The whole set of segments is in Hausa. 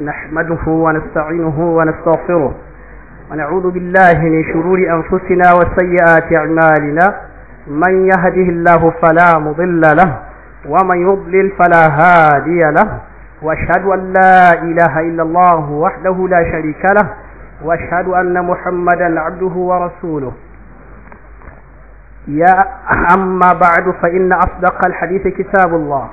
نحمده ونستعينه ونستغفره ونعوذ بالله من شرور أنفسنا وسيئات أعمالنا من يهده الله فلا مضل له ومن يضلل فلا هادي له وأشهد أن لا إله إلا الله وحده لا شريك له وأشهد أن محمدا عبده ورسوله يا أما بعد فإن أصدق الحديث كتاب الله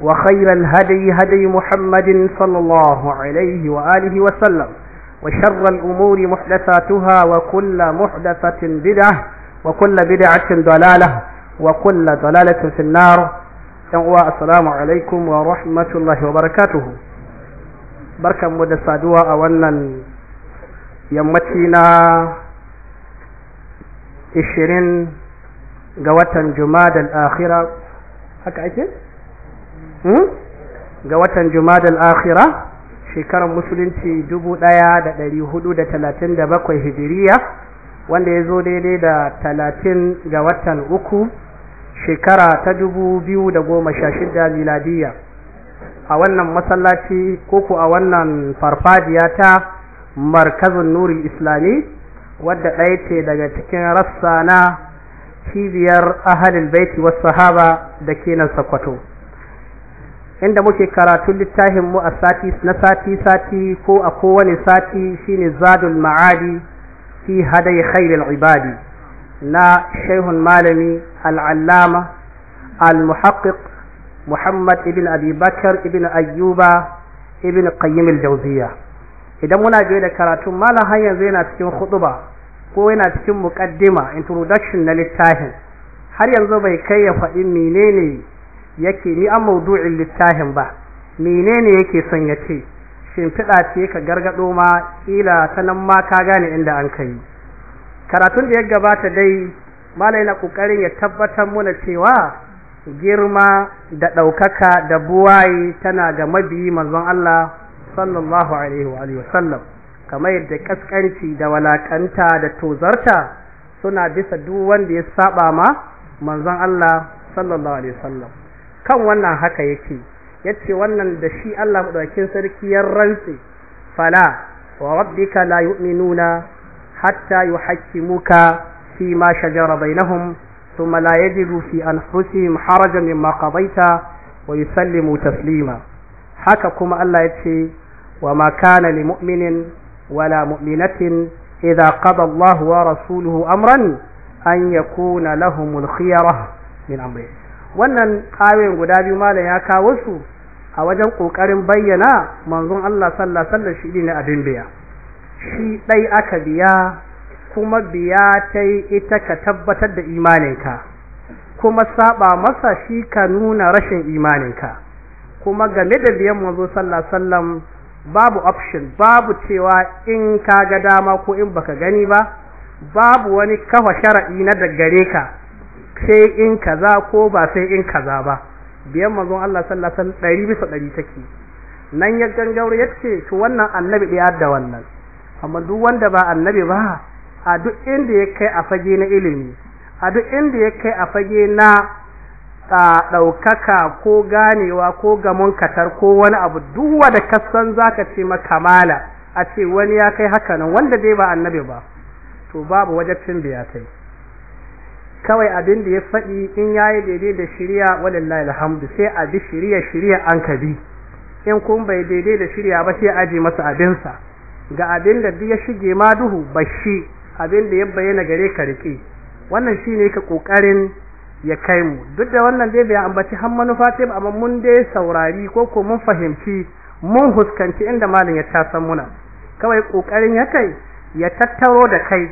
وخير الهدي هدي محمد صلى الله عليه وآله وسلم وشر الأمور محدثاتها وكل محدثة بدعة وكل بدعة ضلالة وكل ضلالة في النار السلام عليكم ورحمة الله وبركاته بركة مدسة دواء أولا يمتينا إشرين قوة جماد الآخرة هكا أكيد Hmm? ga watan jumadal akhira shekarar musulunci dubu ɗaya da da da ɗari talatin bakwai hijiriya wanda ya zo daidai da talatin ga watan uku shekara ta dubu biyu da goma sha 2016 miladiya a wannan masallaci koko a wannan farfajiya ta markazin nuri islami wadda ɗaya ce daga cikin rassa na cibiyar ahalin baiti wasu sahaba da ke nan sakwato inda muke karatun littafin mu a sati na sati sati ko a kowane sati shine zadul ma'adi fi hadai khairul ibadi na shehun malami al'allama al-muhaqqiq Muhammad ibn Abi Bakar ibn Ayyuba ibn Qayyim al idan muna biye da karatu malam har yanzu yana cikin huɗuba ko yana cikin muqaddima introduction na littafin har yanzu bai kai ya faɗi menene yake ni an maudu'in littafin ba menene yake son ya ce shimfiɗa ce ka gargaɗo ma ƙila ta nan ma ka gane inda an kai karatun da ya gabata dai malai na ƙoƙarin ya tabbatar muna cewa girma da ɗaukaka da buwaye tana ga mabiyi manzon Allah sallallahu alaihi wa alihi wasallam kamar yadda kaskanci da walakanta da tozarta suna bisa duk wanda ya saba ma manzon Allah sallallahu alaihi wasallam kan wannan haka yake yace wannan da shi Allah madaukakin sarki ya rantsi fala wa rabbika la yu'minuna hatta yuhaqqimuka fi ma shajara bainahum thumma la yajidu fi anfusihim harajan mimma qadaita wa yusallimu taslima haka kuma Allah yace wa ma kana li mu'minin wala mu'minatin idza qada Allahu wa rasuluhu amran an yakuna lahumul khiyara min amrihim wannan ƙayoyin guda biyu malam ya kawo su a wajen ƙoƙarin bayyana manzon Allah sallallahu alaihi shi ne abin biya shi ɗai aka biya kuma biya ta ita ka tabbatar da imaninka kuma saba masa shi ka nuna rashin imaninka kuma game da biyan manzo sallallahu alaihi babu option babu cewa in ka ga dama ko in baka gani ba babu wani kafa shara'i na daggare ka sai in kaza ko ba sai in kaza ba biyan manzon Allah sallallahu alaihi wasallam ɗari bisa ɗari take nan ya gangaur ya ce to wannan annabi da yadda wannan amma duk wanda ba annabi ba a duk inda ya kai a fage na ilimi a duk inda ya kai a fage na ɗaukaka ko ganewa ko gamon katar ko wani abu duk wanda kasan zaka ce makamala a ce wani ya kai haka nan wanda dai ba annabi ba to babu wajabcin biya tai kawai abin da ya faɗi in yayi daidai da shirya walillahi alhamdu sai a bi shirya shirya an ka bi in kun bai daidai da shirya ba sai aje masa abinsa ga abin da ya shige ma duhu bashi abin da ya bayyana gare ka rike wannan shine ka kokarin ya kai mu duk da wannan dai bai ambaci har manufa ce amma mun dai saurari ko ko mun fahimci mun huskanci inda malin ya tasan muna kawai kokarin ya kai ya tattaro da kai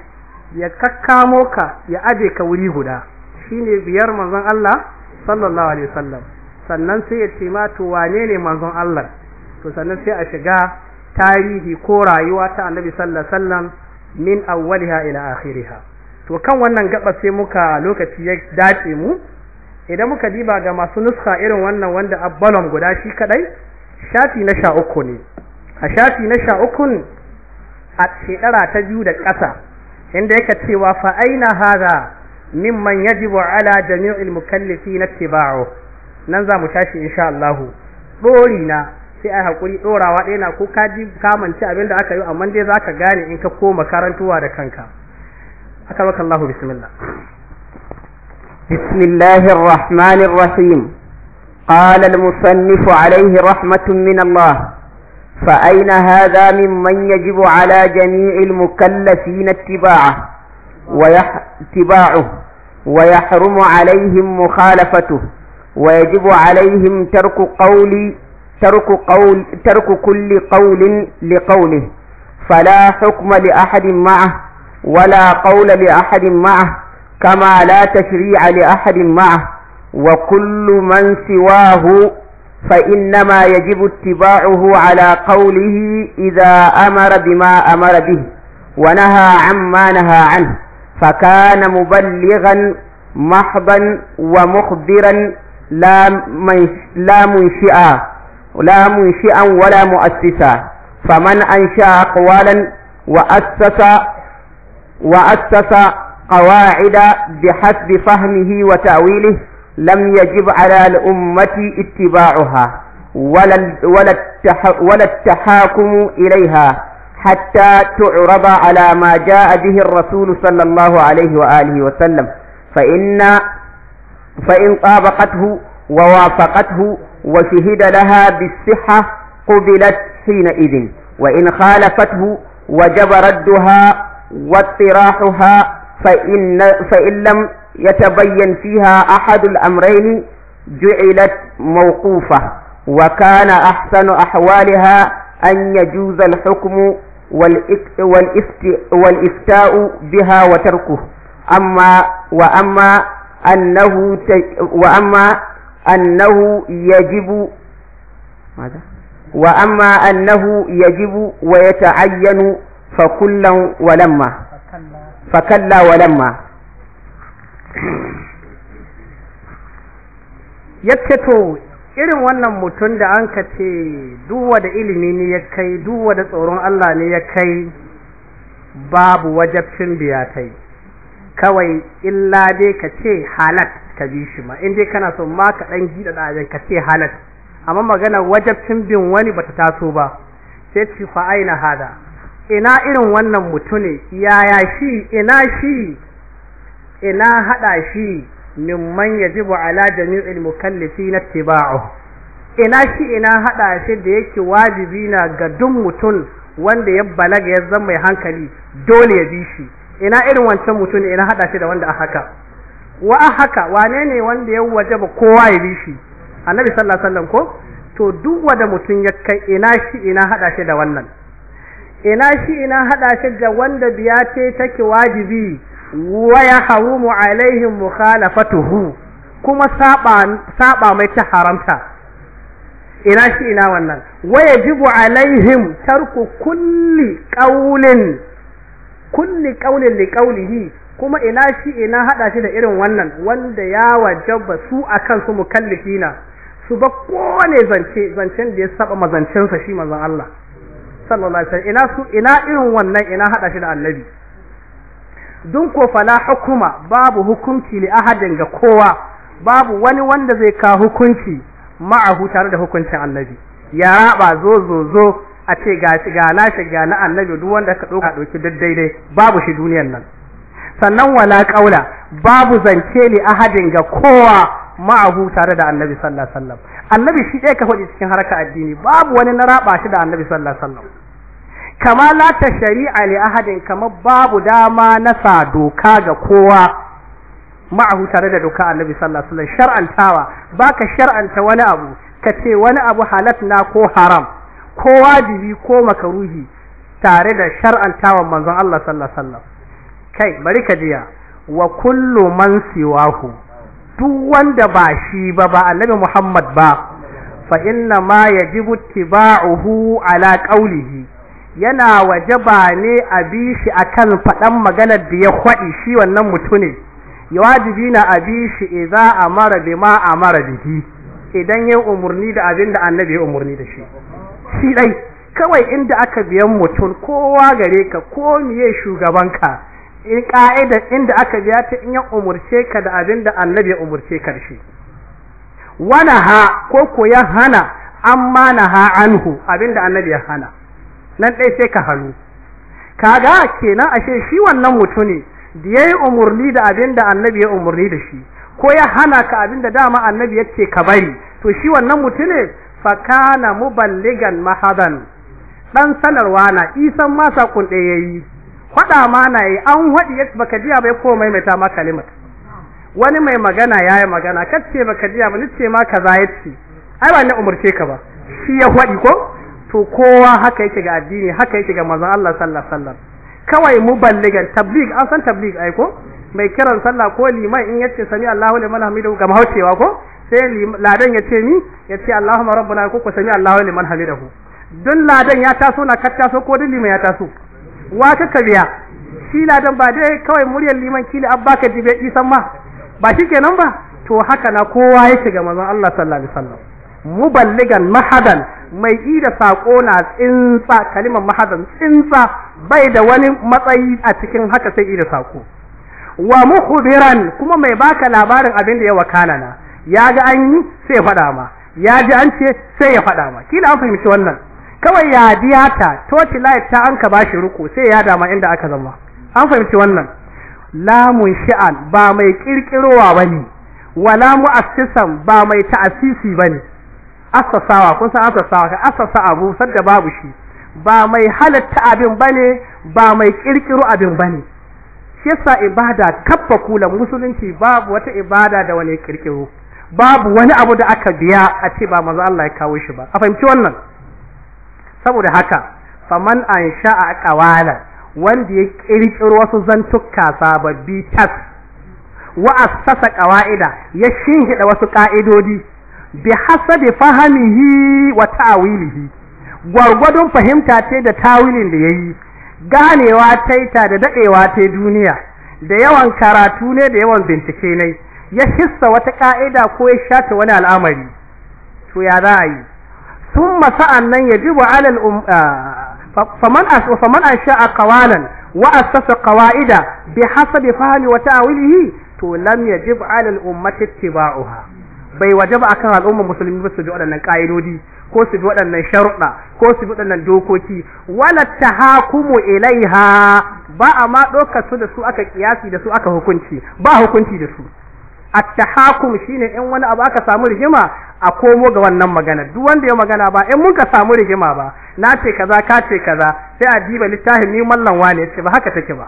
ya kakkamo ka ya aje ka wuri guda shine biyar manzon Allah sallallahu alaihi wasallam sannan sai ya ce ma to wane ne manzon Allah to sannan sai a shiga tarihi ko rayuwa ta Annabi sallallahu alaihi wasallam min awwaliha ila akhiriha to kan wannan gaba sai muka lokaci ya dace mu idan muka diba ga masu nuska irin wannan wanda abbalon guda shi kadai shafi na sha uku ne a shafi na sha ukun a shekara ta biyu da ƙasa inda yake cewa fa aina hadha mimman yajibu ala jami'il mukallifin ittiba'u nan za mu tashi insha Allah dori na sai ai hakuri dorawa ɗaya na ko kaji kamanci abin da aka yi amma dai zaka gane in ka koma karantuwa da kanka baka Allah bismillah bismillahir rahmanir rahim qala al musannif alayhi rahmatun min allah. فأين هذا ممن يجب على جميع المكلفين اتباعه ويح... اتباعه ويحرم عليهم مخالفته ويجب عليهم ترك قول ترك قول ترك كل قول لقوله فلا حكم لأحد معه ولا قول لأحد معه كما لا تشريع لأحد معه وكل من سواه فإنما يجب اتباعه على قوله إذا أمر بما أمر به ونهى عما نهى عنه فكان مبلغا محضا ومخبرا لا منشئا لا منشئا ولا مؤسسا فمن أنشأ أقوالا وأسس وأسس قواعد بحسب فهمه وتأويله لم يجب على الأمة اتباعها ولا ولا التحاكم إليها حتى تعرض على ما جاء به الرسول صلى الله عليه وآله وسلم فإن فإن طابقته ووافقته وشهد لها بالصحة قبلت حينئذ وإن خالفته وجب ردها واطراحها فإن, فإن لم يتبين فيها أحد الأمرين جعلت موقوفة وكان أحسن أحوالها أن يجوز الحكم والإفتاء بها وتركه أما وأما أنه وأما أنه يجب ماذا وأما أنه يجب ويتعين فكلا ولما فكلا ولما yace to irin wannan mutum da an ka ce duwa da ilimi ne ya kai duwa da tsoron Allah ne ya kai babu wajabcin biya kawai illa dai ka ce halat ka bi shi ma in dai kana so ma ka dan gida da ka ce halat amma magana wajabcin bin wani bata taso ba sai ci fa aina hada ina irin wannan mutune yaya shi ina shi ina hada shi mimman yajibu ala jami'il mukallifin ittiba'u ina shi ina hada shi da yake wajibi na ga duk mutum wanda ya balaga ya zama mai hankali dole ya bi shi ina irin wancan mutum ina hada shi da wanda haka wa haka wane ne wanda ya wajaba kowa ya bi shi annabi sallallahu alaihi wasallam ko to duk wanda mutum ya kai ina shi ina hada shi da wannan ina shi ina hada shi da wanda biya ce take wajibi wa mu alaihim mukhalafatuhu kuma saba saba mai ta haramta ina shi ina wannan waya jibu alaihim tarku kulli qaulin kulli qaulin li qaulihi kuma ina shi ina hada shi da irin wannan wanda ya wajaba su akan su mukallifina su ba kowane zance zancen da ya saba mazancensa shi manzon Allah sallallahu alaihi wasallam ina su ina irin wannan ina hada shi da annabi dun ko fala hukuma babu hukunci li ahadin ga kowa babu wani wanda zai ka hukunci ma'ahu tare da hukuncin annabi ya raba zo zo zo a ce ga ga lashe ga na annabi duk wanda ka doka doki daidai babu shi duniyar nan sannan wala kaula babu zance li ahadin ga kowa ma'ahu tare da annabi sallallahu alaihi wasallam annabi shi ɗaya ka faɗi cikin harkar addini babu wani na raba shi da annabi sallallahu alaihi wasallam kama la ta shari'a li ahadin kama babu dama na sa doka ga kowa ma'ahu tare da doka annabi sallallahu alaihi wasallam shar'antawa baka shar'anta wani abu kace wani abu halat na ko haram ko wajibi ko makaruhi tare da shar'antawa manzon Allah sallallahu alaihi wasallam kai bari ka jiya wa kullu man siwahu duk wanda ba shi ba ba annabi Muhammad ba fa inna ma yajibu tibahu ala qawlihi yana wajaba ne a bi shi akan faɗan maganar da ya kwaɗi shi wannan ne, ya wajibi na a bi shi bi ma a mara bihi idan ya umarni da abin da annabi ya umarni da shi shi dai kawai inda aka biyan mutum kowa gare ka ko miye shugabanka in ka'ida inda aka biya ta in ya umarce ka da abin da annabi ya umarce ka shi wana ha ko ko ya hana amma na ha anhu abin da annabi ya hana nan ɗai sai ka hannu kaga kenan ashe shi wannan mutune da yi umarni da da annabi ya umarni da shi ko ya hana ka da dama annabi ce ka bari to shi wannan mutune fa kana muballigan mahadan dan sanarwa na isan ma sakun ya yayi faɗa ma na yi an waɗi baka jiya bai ko maimaita ma kalimar wani mai magana ya yi magana kacce baka jiya ba nice ma kaza ya ce ai ba umarce ka ba shi ya waɗi ko to kowa haka yake ga addini haka yake ga manzon Allah sallallahu alaihi wasallam kawai muballigan tabligh an san tabligh ai ko mai kiran sallah ko liman in yace sami Allahu liman hamidahu ga mahaucewa ko sai ladan ya ce ni ya ce Allahumma rabbana ko ko sami Allahu liman hamidahu don ladan ya taso na katta taso ko dun liman ya taso wa ka kabiya shi ladan ba dai kawai muryar liman kili abba ka dibe isan ma ba shikenan ba to haka na kowa yake ga manzon Allah sallallahu alaihi wasallam muballigan mahadan mai ƙida saƙo na tsinsa kalimar mahadan tsinsa bai da wani matsayi a cikin haka sai da saƙo. wa biran kuma mai baka labarin abin da ya wakana na ya ga an yi sai faɗa ma ya ji an ce sai ya faɗa ma kila an fahimci wannan kawai ya diyata toci light ta an ka bashi ruku sai ya dama inda aka zama an fahimci wannan lamun sha'an ba mai kirkirowa bane wala mu'assisan ba mai ta'asisi bane asasawa kun san asasawa ka asasa abu sadda babu shi ba mai halatta abin bane ba mai kirkiro abin bane shi yasa ibada kaffa kula musulunci babu wata ibada da wani kirkiro babu wani abu da aka biya a ce ba manzo Allah ya kawo shi ba a fahimci wannan saboda haka faman sha'a qawala wanda ya kirkiro wasu zantukka sababbi tas wa asasa qawaida ya shinhida wasu ka'idodi bi hasabi fahamihi wa ta'wilihi gwargwadon fahimta ce da tawilin da yayi ganewa taita da daɗewa ta duniya da yawan karatu ne da yawan bincike ne ya hissa wata ka'ida ko ya shata wani al'amari to ya za a yi thumma sa'annan ya 'ala um, al faman as faman asha'a qawalan wa asasa kawaida, bi bi wa awilihi, to lam bai waje wajaba akan al'ummar musulmi ba su bi waɗannan ƙa'idodi ko su bi waɗannan sharuɗa ko su bi waɗannan dokoki wala tahakumu ilaiha ba a ma ɗaukar da su aka kiyasi da su aka hukunci ba hukunci da su at-tahakum shine in wani abu aka samu rigima a komo ga wannan magana duk wanda ya magana ba in mun ka samu rigima ba na ce kaza ka ce kaza sai a diba littafin ni mallan wane ce ba haka take ba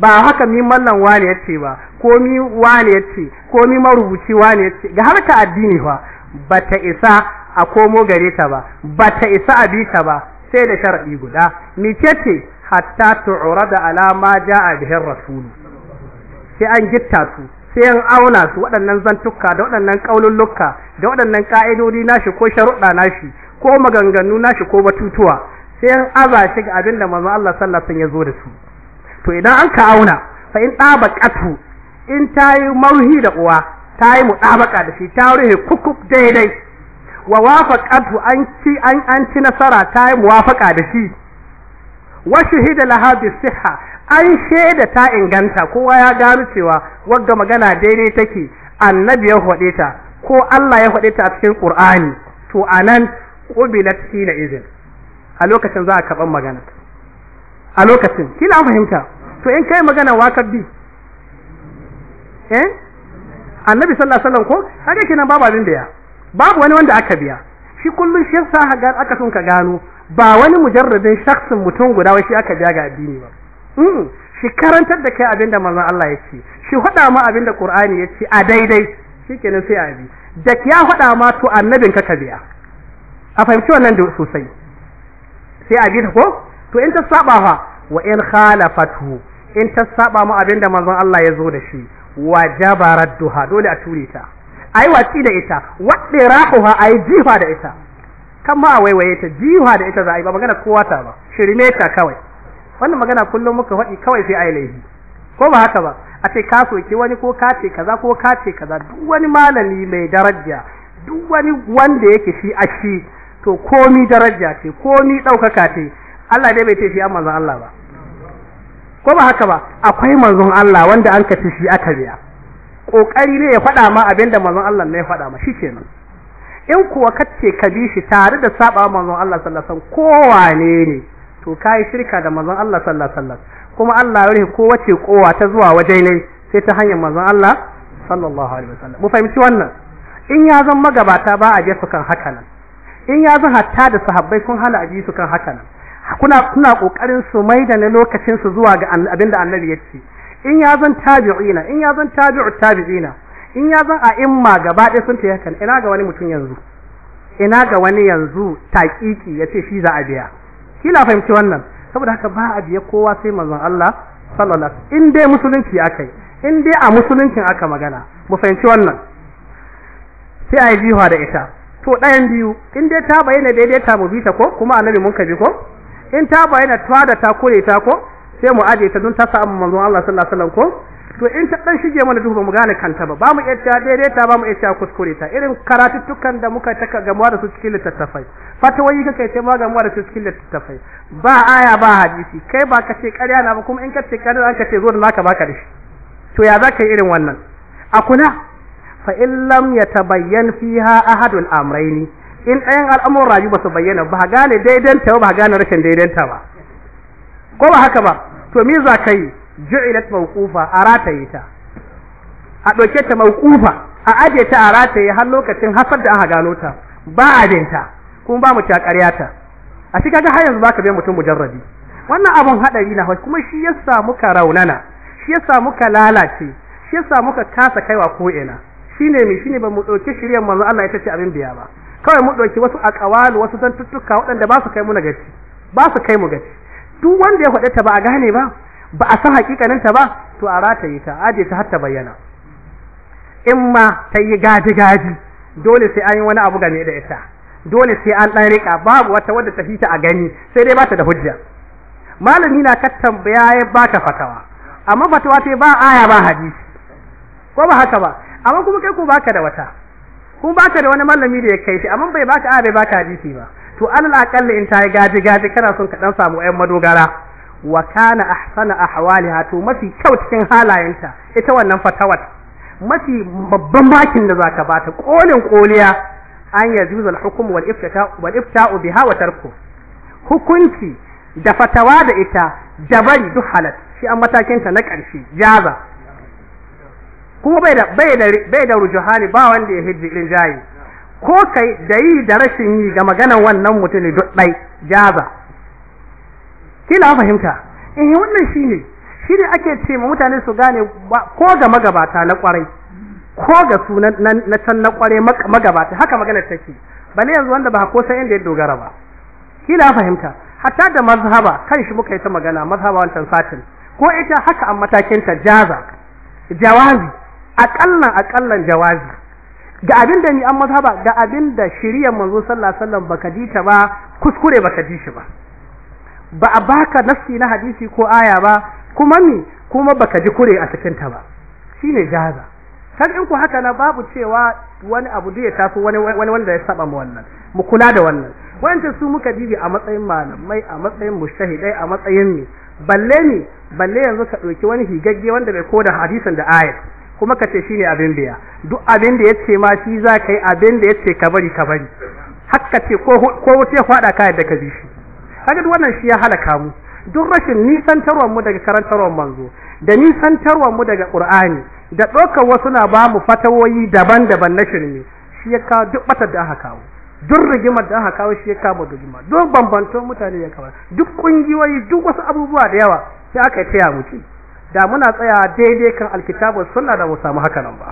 ba haka mi mallan wani yace ba ko mi wani yace ko mi marubuci wani yace ga harka addini fa bata isa a komo gare ta ba bata isa a bi ta ba sai da sharadi guda mi ce hatta tu'rada ala ma jaa bihi rasul sai an gitta su sai an auna su waɗannan zantukka da waɗannan kaulullukka da waɗannan ka'idodi nashi ko sharuɗa nashi ko maganganu nashi ko batutuwa sai an aza ga abinda manzo Allah sallallahu alaihi wasallam ya zo da su to idan an ka auna fa in dabaqatu in tayi mauhi da uwa tayi mudabaqa da shi ta ruhe kukuk daidai wa wafaqatu an ci an an ci nasara tayi muwafaqa da shi wa shahida laha bi sihha an shaida ta inganta kowa ya gano cewa wanda magana daidai take annabi ya hode ta ko Allah ya hode ta a cikin Qur'ani to anan qubilat hina izin a lokacin za a ban magana a lokacin kila fahimta to in kai magana wakar bi eh annabi sallallahu alaihi wasallam ko haka kenan babu abin ya babu wani wanda aka biya shi kullun shi yasa ga aka sun ka gano ba wani mujarradin shakhsin mutum guda wai shi aka biya ga addini ba mm shi karantar da kai abinda manzon Allah ya ce shi hada ma abinda Qur'ani ya ce a daidai shikenan sai a bi da ya hada ma to annabin ka ka biya a fahimci wannan da sosai sai a bi ta ko to in ta saba fa wa in khalafatu in ta saba mu abin da manzon Allah ya zo da shi wa jabarat radduha dole a ture ta ai watsi da ita wadde rahuha ai jiha da ita kan a waiwaye ta jiha da ita za a yi ba magana kowa ta ba shirme ta kawai wannan magana kullum muka faɗi kawai sai ai laifi ko ba haka ba a ce ka soke wani ko ka ce kaza ko ka ce kaza duk wani malami mai daraja duk wani wanda yake shi a shi to komi daraja ce komi ɗaukaka ce Allah dai bai ce shi amma Allah ba ko ba haka ba akwai manzon Allah wanda an kace shi aka biya kokari ne ya fada ma abinda manzon Allah ne ya fada ma shikenan in kuwa kace ka bi shi tare da saba manzon Allah sallallahu alaihi wasallam wane ne to kai shirka da manzon Allah sallallahu alaihi wasallam kuma Allah ya rihe kowace kowa ta zuwa waje ne sai ta hanyar manzon Allah sallallahu alaihi wasallam mu fahimci wannan in ya zan magabata ba a je su kan haka nan in ya zan hatta da sahabbai kun hana a je su kan haka nan kuna kuna kokarin su da na lokacin su zuwa ga abinda annabi ya ce in ya zan tabi'ina in ya zan tabi'u tabi'ina in ya zan a'imma gaba ɗaya sun ta yakan ina ga wani mutum yanzu ina ga wani yanzu taƙiƙi ya ce shi za a biya kila fahimci wannan saboda haka ba a biya kowa sai manzon Allah sallallahu alaihi wasallam in dai musulunci akai in dai a musuluncin aka magana mu fahimci wannan sai a yi jiwa da ita to ɗayan biyu in dai ta bayyana daidai ta mu bi ta ko kuma annabi mun ka bi ko in ta bayyana tuwa da ta kore ta ko sai mu aje ta don ta samu manzon Allah sallallahu alaihi wasallam ko to in ta dan shige mana duhu ba mu gane kanta ba ba mu iya ta daidai ta ba mu iya ta kuskure ta irin karatuttukan da muka taka gamuwa da su cikin littattafai fatawayi kake ce ma gamuwa da su cikin littattafai ba aya ba hadisi kai ba ka ce ƙarya na ba kuma in ka ce ƙarya ka ce zo da naka ka da shi to ya za ka yi irin wannan a kuna fa in lam yatabayyan fiha ahadul amrayni in ɗayan al'amuran rayu ba su bayyana ba gane daidanta ba ba gane rashin daidanta ba ko ba haka ba to me za ka yi ju'ilat mawqufa a rataye ta a ɗauke ta mawqufa a aje ta a rataye har lokacin hasar da aka gano ta ba a binta kuma ba mu ta ƙarya ta a cikin ga har yanzu baka bai mutum mujarrabi wannan abun hadari na kuma shi ya sa muka raunana shi ya sa muka lalace shi ya sa muka kasa kaiwa ko ina shine mi shine ba mu ɗauke shirya manzo Allah ita ce abin biya ba kawai mu ɗauki wasu a ƙawalu wasu tuttuka waɗanda ba su kai mu na gaci ba su kai mu gaci duk wanda ya faɗa ta ba a gane ba ba a san hakikanin ta ba to a rataye ta aje ta har ta bayyana in ma ta yi gaji gaji dole sai an yi wani abu game da ita dole sai an ɗan riƙa babu wata wadda ta fita a gani sai dai ba ta da hujja malami na ka tambaya ya ba ta fatawa amma fatawa ta ba aya ba hadisi ko ba haka ba amma kuma kai ko baka da wata kun baka da wani malami da ya kai shi amma bai baka a bai baka hadisi ba to alal aqalli in ta yi gaji gaji kana son ka dan samu ayan madogara wa kana ahsana ahwaliha to mafi kyau cikin halayenta ita wannan fatawat mafi babban makin da zaka bata kolin koliya an yajuzu al-hukm wal ifta wal ifta biha wa tarku hukunci da fatawa da ita da duk halat shi an matakin ta na karshe jaza kuma bai da bai da bai da rujuhani ba wanda ya hijji irin jayi ko kai da yi da rashin yi ga maganar wannan mutumin duk dai jaza kila fahimta eh wannan shine shine ake ce ma mutane su gane ko ga magabata na kwarai ko ga sunan na can na kwarai magabata haka maganar take bale yanzu wanda ba ko san inda ya dogara ba kila fahimta hatta da mazhaba kan shi muka yi ta magana mazhaba wancan satin ko ita haka a matakin ta jaza jawabi. akallan akallan jawazi ga abin da ni an mazhaba ga abin da shirya manzo sallallahu alaihi wasallam baka ji ta ba kuskure baka ji shi ba ba a baka nafsi na hadisi ko aya ba kuma ni kuma baka ji kure a cikin ta ba shine jaza kan in ku haka na babu cewa wani abu da ya tafi wani wanda ya saba mu wannan mu kula da wannan wancan su muka dibi a matsayin malamai a matsayin mushahidai a matsayin ni balle ne balle yanzu ka dauki wani higagge wanda bai koda hadisin da ayat kuma ka ce shine abin biya duk abin da yace ma shi za ka yi abin da yace ka bari ka bari hakka ce ko ko wuce fada ka yadda ka bi shi kaga duk wannan shi ya halaka mu duk rashin nisantarwar mu daga karantarwar manzo da nisantarwar mu daga qur'ani da ɗaukar wasu na ba mu fatawoyi daban-daban na shirme shi ya kawo duk batar da aka kawo duk rigimar da aka kawo shi ya kawo rigima duk bambanton mutane ya kawo duk ƙungiyoyi duk wasu abubuwa da yawa sai aka taya mutum da muna tsaya daidai kan alkitabu sunna da mu samu haka nan ba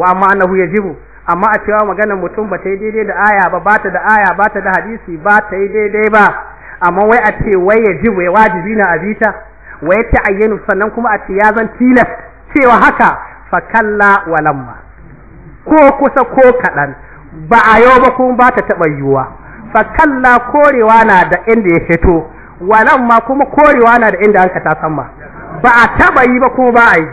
wa amma annahu jibu. amma a cewa maganar mutum ba ta yi daidai da aya ba ba ta da aya ba ta da hadisi ba ta yi daidai ba amma wai a ce wai yajibu ya wajibi na azita wai ta ayyanu sannan kuma a ce ya zan tilas cewa haka fa kalla walamma ko kusa ko kaɗan ba a yau ba kuma ba ta taɓa yiwuwa Fakalla kalla korewa na da inda ya fito walamma kuma korewa na da inda an ka ta samma ba a taba yi ba kuma ba a yi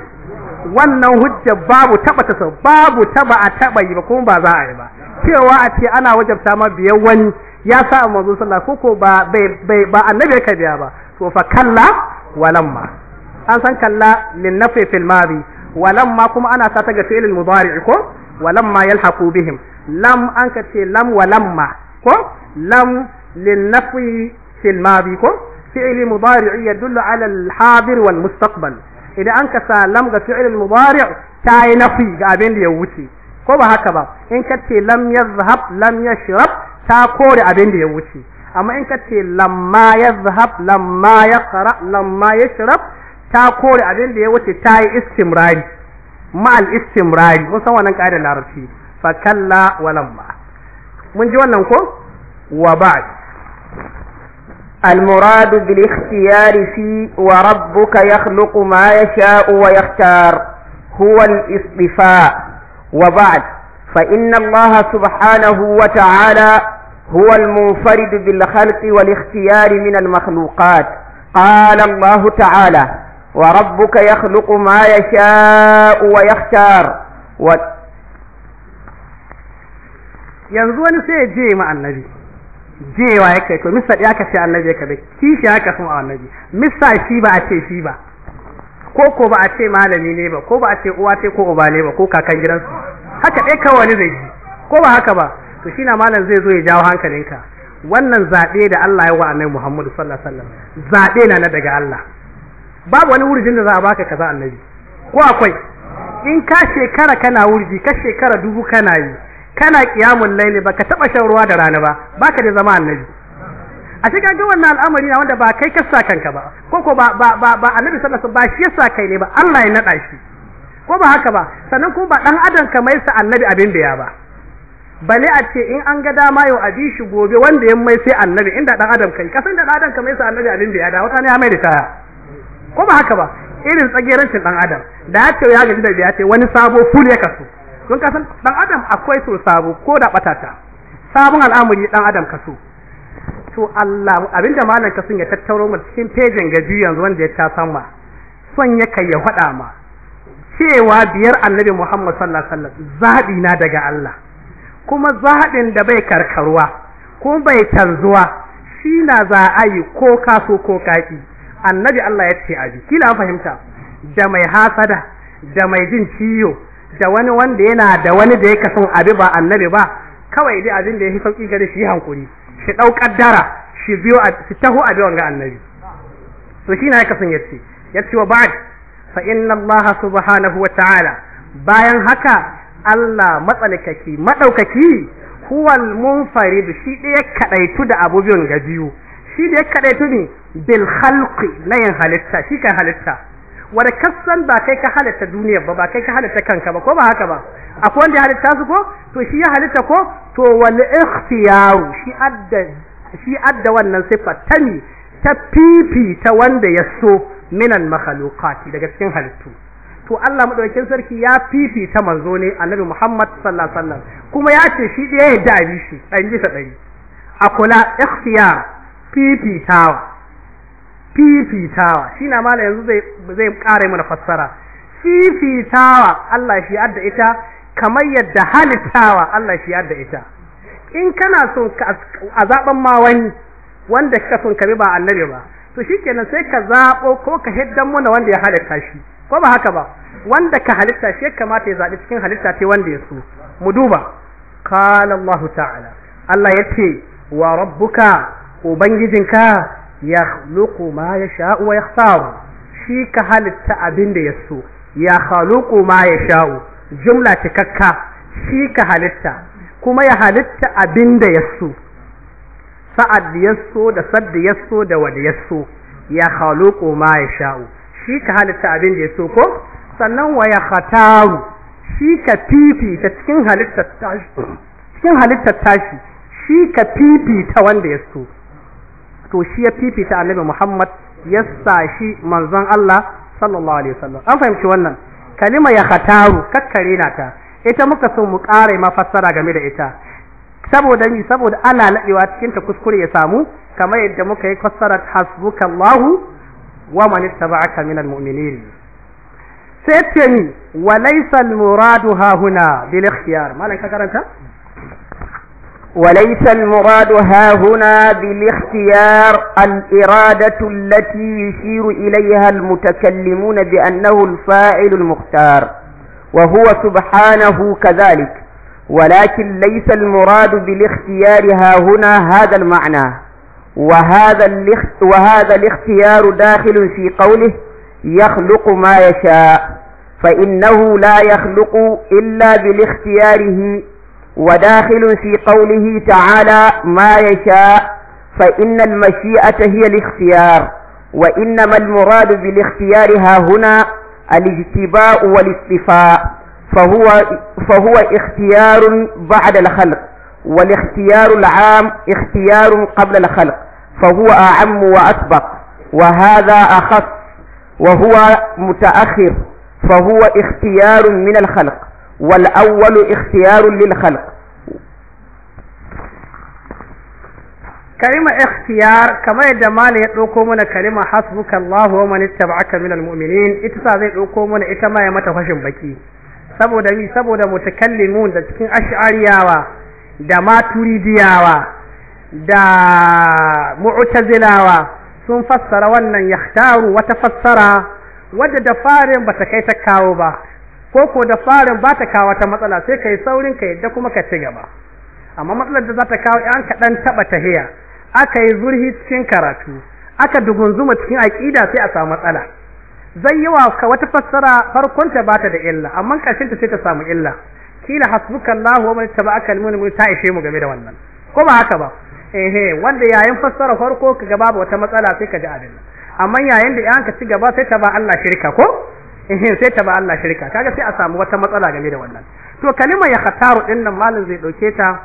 wannan hujja babu taba ta sau babu taba a taba yi ba kuma ba za a yi ba cewa a ce ana wajabta ma biyan wani ya sa a manzo sallah ko ko ba bai ba annabi biya ba to fa kalla walamma an san kalla lin nafi fil madi walamma kuma ana sa ta ga fi'il mudari ko walamma yalhaqu bihim lam an ka ce lam walamma ko lam lin nafi fil madi ko fi'li mudari' yadullu ala al-hadir wal mustaqbal idan an ka salam ga fi'il mudari' ta yi nafi ga abin da ya wuce ko ba haka ba in ka ce lam yazhab lam yashrab ta kore abin da ya wuce amma in ka ce lamma yazhab lamma yaqra lamma yashrab ta kore abin ya wuce ta yi istimrari ma'al istimrari kun san wannan ƙa'idar larabci fa wa lamma mun ji wannan ko wa المراد بالاختيار في وربك يخلق ما يشاء ويختار هو الاصطفاء وبعد فإن الله سبحانه وتعالى هو المنفرد بالخلق والاختيار من المخلوقات قال الله تعالى وربك يخلق ما يشاء ويختار و... ينظر wani sai ya jewa ya kai to misa ya ka ce annabi ka bai kishi ya ka sun annabi misa shi ba a ce shi ba ko ko ba a ce malami ne ba ko ba a ce uwa ce ko uba ne ba ko kakan gidansu haka ɗaya kawai zai ji ko ba haka ba to shi na malam zai zo ya jawo hankalinka wannan zaɓe da Allah ya wa annabi Muhammadu sallallahu alaihi wasallam zaɓe na na daga Allah babu wani wurjin da za a baka kaza annabi ko akwai in ka shekara kana wurji ka shekara dubu kana yi kana kiyamun laili ba ka taɓa shan ruwa da rana ba baka da zama annabi a cikin ga wannan al'amari na wanda ba kai ka sa kanka ba ko ko ba ba ba, ba annabi sallallahu alaihi wasallam ba shi ya sa kai ne ba Allah ya nada shi ko ba haka ba sannan kuma ba dan adam ka mai sa annabi abin ya ba bale a ce in an ga dama yau a bi shi gobe wanda ya mai sai annabi inda dan adam kai kasan da dan adam ka mai sa annabi abin ya da wata ne ya mai da taya ko ba haka ba irin tsagerancin dan adam da ya ce ya gaji da ya ce wani sabo ful ya kasu don kasan dan adam akwai so sabo ko da batata sabon al'amuri dan adam ka so to Allah abinda malam ka sun ya tattauro mu cikin pejin gaji yanzu wanda ya ta sama ma son ya ya faɗa ma cewa biyar annabi Muhammad sallallahu alaihi wasallam zabi na daga Allah kuma zaɓin da bai karkarwa ko bai canzuwa shi na za a yi ko kaso ko kaki annabi Allah ya ce aji kila fahimta da mai hasada da mai jin ciyo da wani wanda yana da wani da yake son abi ba annabi ba kawai dai abin da ya fi sauki gare shi hankuri shi daukar dara shi biyo a shi taho abi wanga annabi to shi na yake son yace yace wa ba'd fa inna allaha subhanahu wa ta'ala bayan haka Allah matsalkaki madaukaki huwal munfarid shi da ya kadaitu da abu ga biyu shi da ya kadaitu ne bil khalqi yan halitta shi kan halitta wanda kasan ba kai ka halitta duniyar ba ba kai ka halitta kanka ba ko ba haka ba akwai wanda ya halitta su ko to shi ya halitta ko to wal ikhtiyaru shi adda shi adda wannan sifar ta ni ta fifi ta wanda ya so minan makhluqati daga cikin halittu to Allah madaukakin sarki ya fifita manzo ne Annabi Muhammad sallallahu alaihi wasallam kuma ya ce shi da ya dabi shi dan bisa dari akula ikhtiyar fifitawa fifitawa shi na mala yanzu zai ƙara mana fassara fifitawa Allah shi adda ita kamar yadda halittawa Allah shi adda ita in kana son a zaɓen ma wani wanda kika son kabi ba annabi ba to shi kenan sai ka zaɓo ko ka hiddan muna wanda ya halitta shi ko ba haka ba wanda ka halitta shi ya kamata ya zaɓi cikin halitta ce wanda ya so mu duba qala Allah ta'ala Allah ya ce wa rabbuka ubangijinka Ya yakhluqu ma ya sha'u wa yakhtar shi ka halitta abin da ya yaso ya khaluqu ma ya sha'u jumla cikakka shi ka halitta kuma ya halitta abin da ya yaso sa'ad ya yaso da sadda ya yaso da wadda ya yaso ya khaluqu ma ya sha'u shi ka halitta abin da ya yaso ko sannan wa ya khataru shi ka fifita cikin halittar tashi shi ka fifita wanda ya yaso to shi ya fifita annabi Muhammad ya sashi manzon Allah sallallahu alaihi wasallam an fahimci wannan kalima ya khataru kakkare na ta ita muka so mu ƙara mafassara game da ita saboda ni saboda ana laɗewa cikin ta kuskure ya samu kamar yadda muka yi fassarar hasbukallahu wa man ittaba'aka minal mu'minin sai ce ni wa al muradu ha huna bil ikhtiyar ka karanta وليس المراد ها هنا بالاختيار الإرادة التي يشير إليها المتكلمون بأنه الفاعل المختار وهو سبحانه كذلك ولكن ليس المراد بالاختيار ها هنا هذا المعنى وهذا, وهذا الاختيار داخل في قوله يخلق ما يشاء فإنه لا يخلق إلا بالاختياره وداخل في قوله تعالى ما يشاء فإن المشيئة هي الاختيار وإنما المراد بالاختيار ها هنا الاجتباء والاصطفاء فهو, فهو اختيار بعد الخلق والاختيار العام اختيار قبل الخلق فهو أعم وأسبق وهذا أخص وهو متأخر فهو اختيار من الخلق والأول اختيار للخلق كلمة اختيار كما يدما لي دوكو كلمة حسبك الله ومن اتبعك من المؤمنين اتسا زي دوكو منا اتما يا mata fashin baki saboda mi saboda mutakallimun da cikin ash'ariyawa da maturidiyawa da mu'tazilawa sun fassara wannan yahtaru wata fassara wadda da farin bata kai ta kawo ba ko ko da farin ba ta kawo ta matsala sai ka saurin ka yadda kuma ka ci gaba amma matsalar da za ta kawo an kaɗan taɓa tahiya aka yi zurhi cikin karatu aka dugunzuma cikin aƙida sai a samu matsala zai yi wa wata fassara farkon ta bata da illa amma ƙarshen ta sai ta samu illa kila hasbuka Allah wa man tabaka al-mu'min ta ishe mu game da wannan ko ba haka ba eh wanda yayin fassara farko ka gaba ba wata matsala sai ka ji adalci amma yayin da yanka ci gaba sai ta ba Allah shirka ko Ihin sai ta ba Allah shirka kaga sai a samu wata matsala game da wannan to kalima ya khataru din nan malin zai dauke ta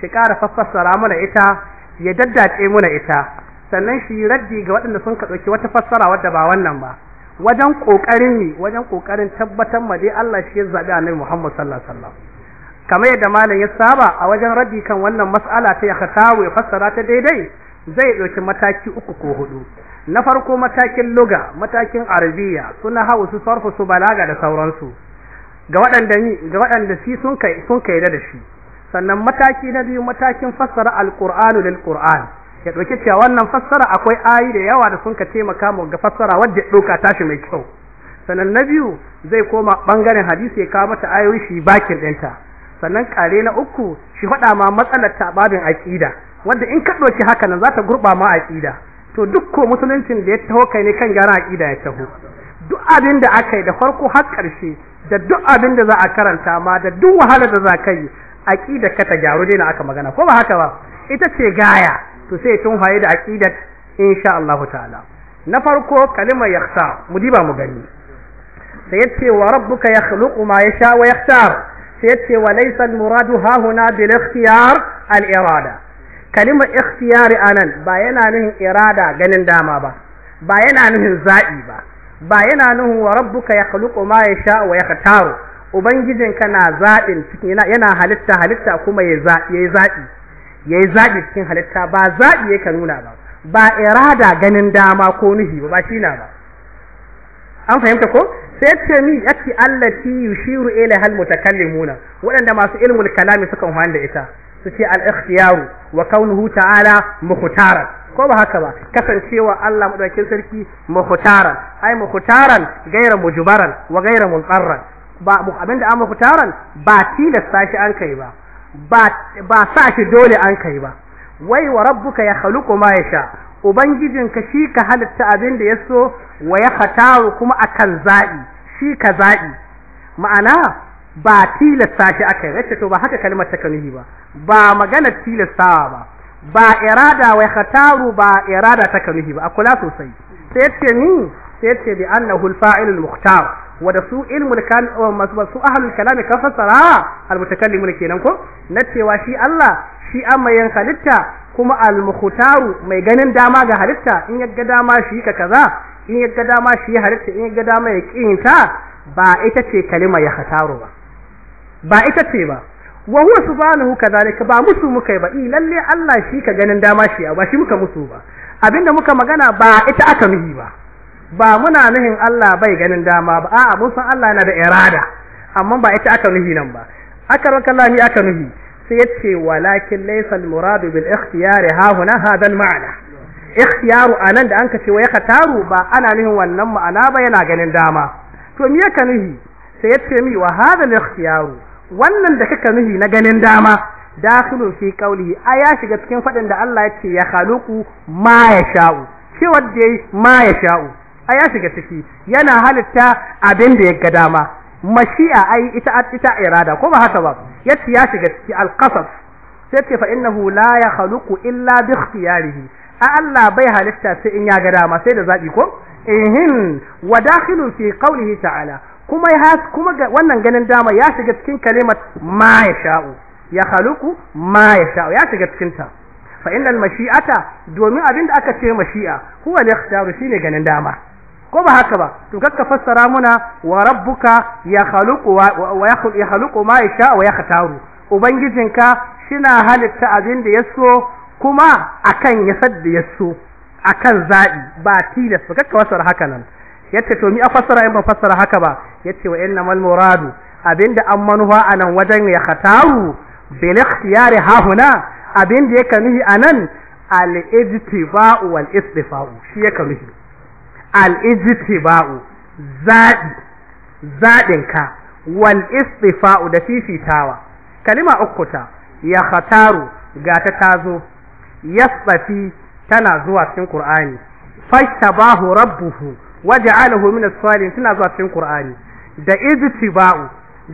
shi kara fassara mana ita ya daddace muna ita sannan shi raddi ga waɗanda sun ka dauki wata fassara wadda ba wannan ba wajen kokarin ni wajen kokarin tabbatar ma dai Allah shi ya zabi Annabi Muhammad sallallahu alaihi wasallam kamar yadda malam ya saba a wajen raddi kan wannan mas'ala ta ya khataru ya fassara ta daidai zai dauki mataki uku ko hudu na farko matakin luga matakin arabiya suna hawa su su balaga da sauransu ga waɗanda ni ga waɗanda shi sun kai sun kai da shi sannan mataki na biyu matakin fassara alqur'anu lil qur'an ya dauki cewa wannan fassara akwai ayi da yawa da sun ka taimaka mu ga fassara wadda doka tashi mai kyau sannan na biyu zai koma bangaren hadisi ya kawo mata ayoyi shi bakin ɗinta sannan kare na uku shi faɗa ma matsalar tababin aqida wanda in ka ɗauki haka nan za ta gurɓa ma to duk ko musuluncin da ya taho kai ne kan gyara aqida ya taho duk abin da aka yi da farko har karshe da duk abin da za a karanta ma da duk wahalar da za ka yi aqida ka ta gyaru dai na aka magana ko ba haka ba ita ce gaya to sai tun haye da aqidat insha Allah ta'ala na farko kalimar yakhsa mu diba mu gani sai yace wa rabbuka yakhluqu ma yasha wa yakhtar sai yace wa laysa al muradu ha huna bil ikhtiyar al irada kalimar ikhtiyari anan ba yana nuhin irada ganin dama ba ba yana nuhin za'i ba ba yana nuhin wa rabbuka yakhluqu ma yasha wa yakhtaru ubangijin kana zaɓin cikin yana, yana halitta halitta kuma ya yi zaɓi ya yi zaɓi cikin halitta ba zaɓi yake nuna ba ba irada ganin dama ko nuhi ba ba shi ba an fahimta ko sai ce mi yake allati yushiru ila hal mutakallimuna waɗanda masu ilmul kalami sukan hwanda ita su ce al-ikhtiyaru wa kaunuhu ta'ala mukhtaran ko ba haka ba kasancewa Allah madaukakin sarki mukhtaran ai mukhtaran gaira mujbaran wa gaira munqarran ba abinda an mukhtaran ba tilasta shi an kai ba ba sa shi dole an kai ba wai wa rabbuka ya khaluqu ma sha ubangijinka shi ka halitta ya so wa ya khataru kuma akan zaɓi shi ka zaɓi ma'ana ba tilasta shi aka yace to ba haka kalmar ta kanuhi ba ba magana tilasta ba ba irada wa khataru ba irada ta kanuhi ba akula sosai sai yace ni sai yace bi annahu al-fa'il al-mukhtar wa da su ilmul kan masu ahlul kalam ka fassara al-mutakallimun kenan ko na cewa shi Allah shi amayen halitta kuma al-mukhtaru mai ganin dama ga halitta in yaga dama shi ka kaza in yaga dama shi halitta in yaga dama ya kinta ba ita ce kalima ya hataru ba ba ita ce ba wa huwa subhanahu kadhalika ba musu muka yi ba i lalle Allah shi ka ganin dama shi ba shi muka musu ba abinda muka magana ba ita aka nuhi ba ba muna nuhin Allah bai ganin dama ba a'a mun san Allah yana da irada amma ba ita aka nuhi nan ba aka raka lami aka nuhi sai yace walakin laysa al-muradu bil ikhtiyar ha huna hadha al-ma'na ikhtiyaru anan da an ka ce wa ya taru ba ana nuhin wannan ma'ana ba yana ganin dama to me yake nuhi sai ya mi wa hadha al-ikhtiyaru wannan da kake nuhi na ganin dama dakhilun fi qawlihi aya shiga cikin fadin da Allah ya ce ya khaluqu ma sha'u cewa da ma ya sha'u aya shiga ciki yana halitta abin da ya ga dama mashi'a ai ita ita irada ko ba haka ba yace ya shiga ciki alqasas sai ce fa innahu la yakhluqu illa bi ikhtiyarihi a Allah bai halitta sai in ya ga dama sai da zabi ko ehin wa dakhilun fi qawlihi ta'ala kuma ya kuma wannan ganin dama ya shiga cikin kalimat ma ya sha'u ya khaluqu ma ya sha'u ya shiga cikin ta fa innal mashi'ata domin abinda aka ce mashi'a huwa al-ikhtiyaru shine ganin dama ko ba haka ba to kakka fassara muna wa rabbuka ya khaluqu wa ya khaluqu ma ya sha'u ya khataru ubangijinka shina halitta abinda yaso kuma akan yasad da yaso akan zabi ba tilas ba kakka fassara haka nan yace to mi a fassara in ba fassara haka ba yace wa innamal muradu abinda an manufa anan wajen ya khataru bil ikhtiyari ha huna abinda yake nufi anan al ijtiba'u wal istifa'u shi yake nufi al ijtiba'u zaɗi zaɗin ka wal istifa'u da fifitawa kalima ukuta ya khataru ga ta tazo yasfafi tana zuwa cikin qur'ani fashtabahu rabbuhu waja'alahu min as-salihin tana zuwa cikin Qur'ani da ijtiba'u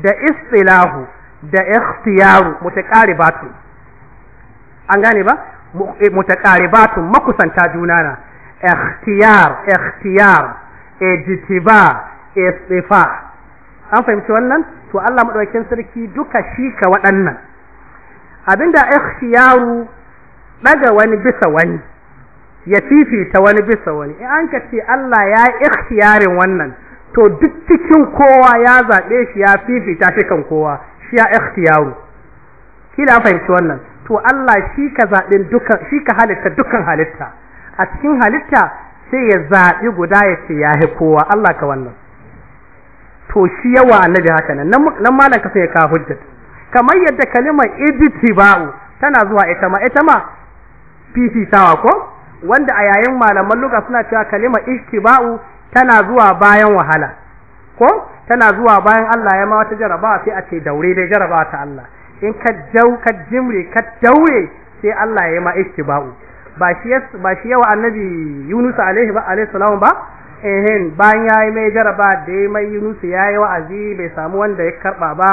da istilahu da ikhtiyaru mutaqaribatu an gane ba eh, mutaqaribatu makusanta juna na ikhtiyar ikhtiyar ijtiba istifa an fahimci wannan to Allah madaukakin sarki duka shi ka waɗannan abinda ikhtiyaru daga wani bisa wani ya fifita wani bisa wani in an ka ce Allah ya yi ikhtiyarin wannan to duk cikin kowa ya zaɓe shi ya fifita shi kan kowa shi ya ikhtiyaru kila fahimci wannan to Allah shi ka dukan shi ka halitta dukan halitta a cikin halitta sai ya zaɓi guda ya ce ya yi kowa Allah ka wannan to shi yawa annabi haka nan nan malam ka sai ka hujjat kamar yadda kalimar ijtiba'u tana zuwa ita ma ita ma fifitawa ko wanda a yayin malaman luga suna cewa kalima ishtiba'u tana zuwa bayan wahala ko tana zuwa bayan Allah ya ma wata jarabawa sai a ce daure dai jarabawa ta Allah in ka jau ka jimre ka daure sai Allah ya ma ishtiba'u ba shi ba shi yawa annabi Yunus alaihi salam ba eh bayan yayi mai jaraba da mai Yunus yayi wa'azi bai samu wanda ya karba ba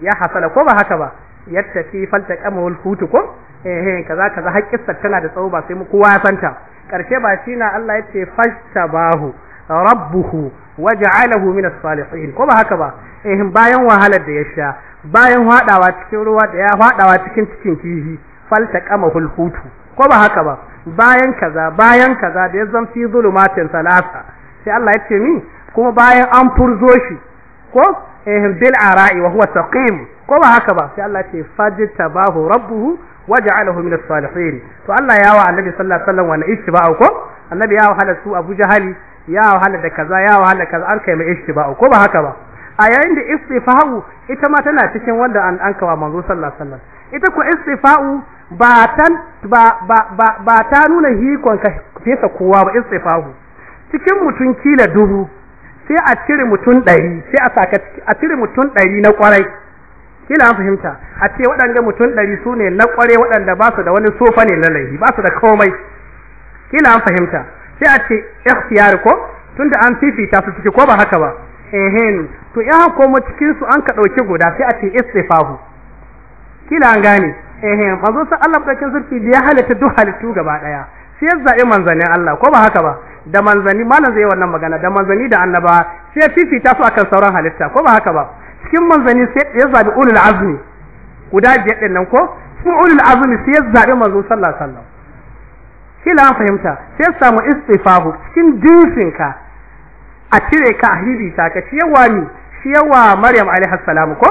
ya hasala ko ba haka ba yattafi falta kamul hutu ko eh kaza kaza haƙƙin tana da tsawo ba sai mu kowa ya santa karshe ba shi na Allah yace fashtabahu rabbuhu waja'alahu min as-salihin ko ba haka ba eh bayan wahalar da ya sha bayan hadawa cikin ruwa da ya hadawa cikin cikin kihi falta kama hutu ko ba haka ba bayan kaza bayan kaza da ya zan fi zulumatin salasa sai Allah yace ni kuma bayan an furzo shi ko eh bil ara'i wa huwa ko ba haka ba sai Allah ce fajtabahu rabbuhu waja'alahu min as-salihin to Allah ya wa annabi sallallahu alaihi wasallam wannan ittiba'u ko annabi ya wahala su Abu Jahali ya wahala da kaza ya halata kaza an kai mai ittiba'u ko ba haka ba a yayin da istifahu ita ma tana cikin wanda an an wa manzo sallallahu alaihi wasallam ita ko istifahu ba tan ba ba ba ta nuna hikon ka fesa kowa ba istifahu cikin mutun kila dubu sai a cire mutun dari sai a saka a cire mutun dari na kwarai kila an fahimta a ce waɗanda mutum ɗari su ne na ƙware waɗanda ba su da wani sofa ne na laifi ba su da komai kila an fahimta sai a ce ikhtiyar ko tunda an fifita su ciki ko ba haka ba ehen to ya hako komo cikin su an ka ɗauki guda sai a ce istifahu kila an gane ehen manzo sai Allah bakin zurfi da ya halitta duk halittu gaba ɗaya sai ya zaɓi manzanin Allah ko ba haka ba da manzani malam zai wannan magana da manzani da annaba sai ya fifita su akan sauran halitta ko ba haka ba cikin manzanni sai ya zabi ulul azmi guda biyar din nan ko cikin ulul azmi sai ya zabi manzo sallallahu alaihi wasallam kila an fahimta sai samu istifahu cikin jinsin ka a cire ka a hidita ka ciyawa ni shi yawa maryam alaihi salam ko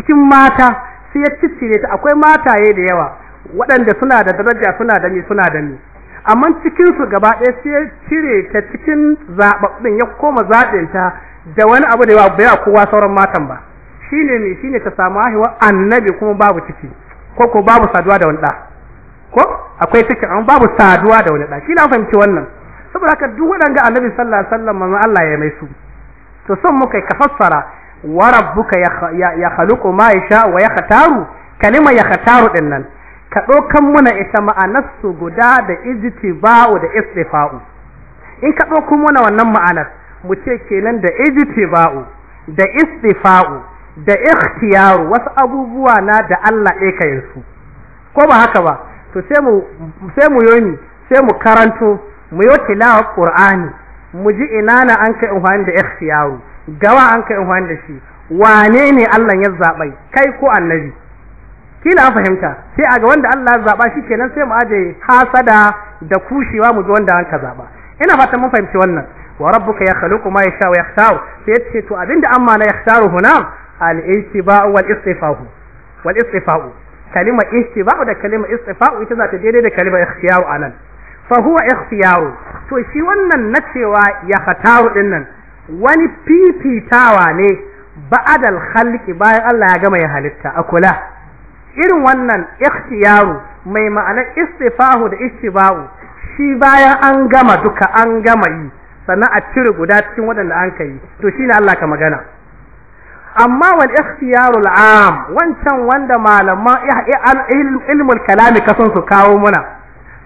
cikin mata sai ya ciccire ta akwai mataye da yawa waɗanda suna da daraja suna da ni suna da ni amma cikin su gaba ɗaya sai ya cire ta cikin zaɓaɓɓin ya koma zaɓinta da wani abu da yawa kowa sauran matan ba shine shi shine ta samu haihuwa annabi kuma babu ciki ko ko babu saduwa da wani da ko akwai ciki amma babu saduwa da wani da shi na fahimci wannan saboda haka duk wadanga annabi sallallahu alaihi wasallam manzo Allah ya mai su to son muka ka fassara wa rabbuka ya khaluqu ma yasha wa yakhtaru kalima yakhtaru din nan ka dokan muna ita ma'anar su guda da ijtiba'u da istifa'u in ka ɗaukan muna wannan ma'anar mu ce kenan da ijtiba'u da istifa'u da ikhtiyaru wasu abubuwa na da Allah ya kai su ko ba haka ba to sai mu sai mu yoni sai mu karanto mu yi tilawa qur'ani mu ji ina na an kai amfani da ikhtiyaru gawa an kai amfani da shi wane ne Allah ya zabai kai ko annabi kila an fahimta sai a ga wanda Allah ya zaba shi kenan sai mu aje hasada da kushewa mu ji wanda an ka zaɓa ina fatan mun fahimci wannan wa rabbuka yakhluqu ma yasha wa yakhtaru sai yace to abinda amma na yakhtaru huna al-ittiba'u wal istifa'u wal istifa'u kalima ittiba'u da kalima istifa'u ita za ta daidai da kalima ikhtiyaru anan fa huwa ikhtiyaru to shi wannan na cewa ya khataru din nan wani fifitawa ne ba'adal khalqi bayan Allah ya gama ya halitta akula irin wannan ikhtiyaru mai ma'anar istifa'u da istiba'u shi bayan an gama duka an gama yi sannan a cire guda cikin waɗanda an kai to shine Allah ka magana amma wal ikhtiyarul am wancan wanda malaman ilmul kalami kasan su kawo muna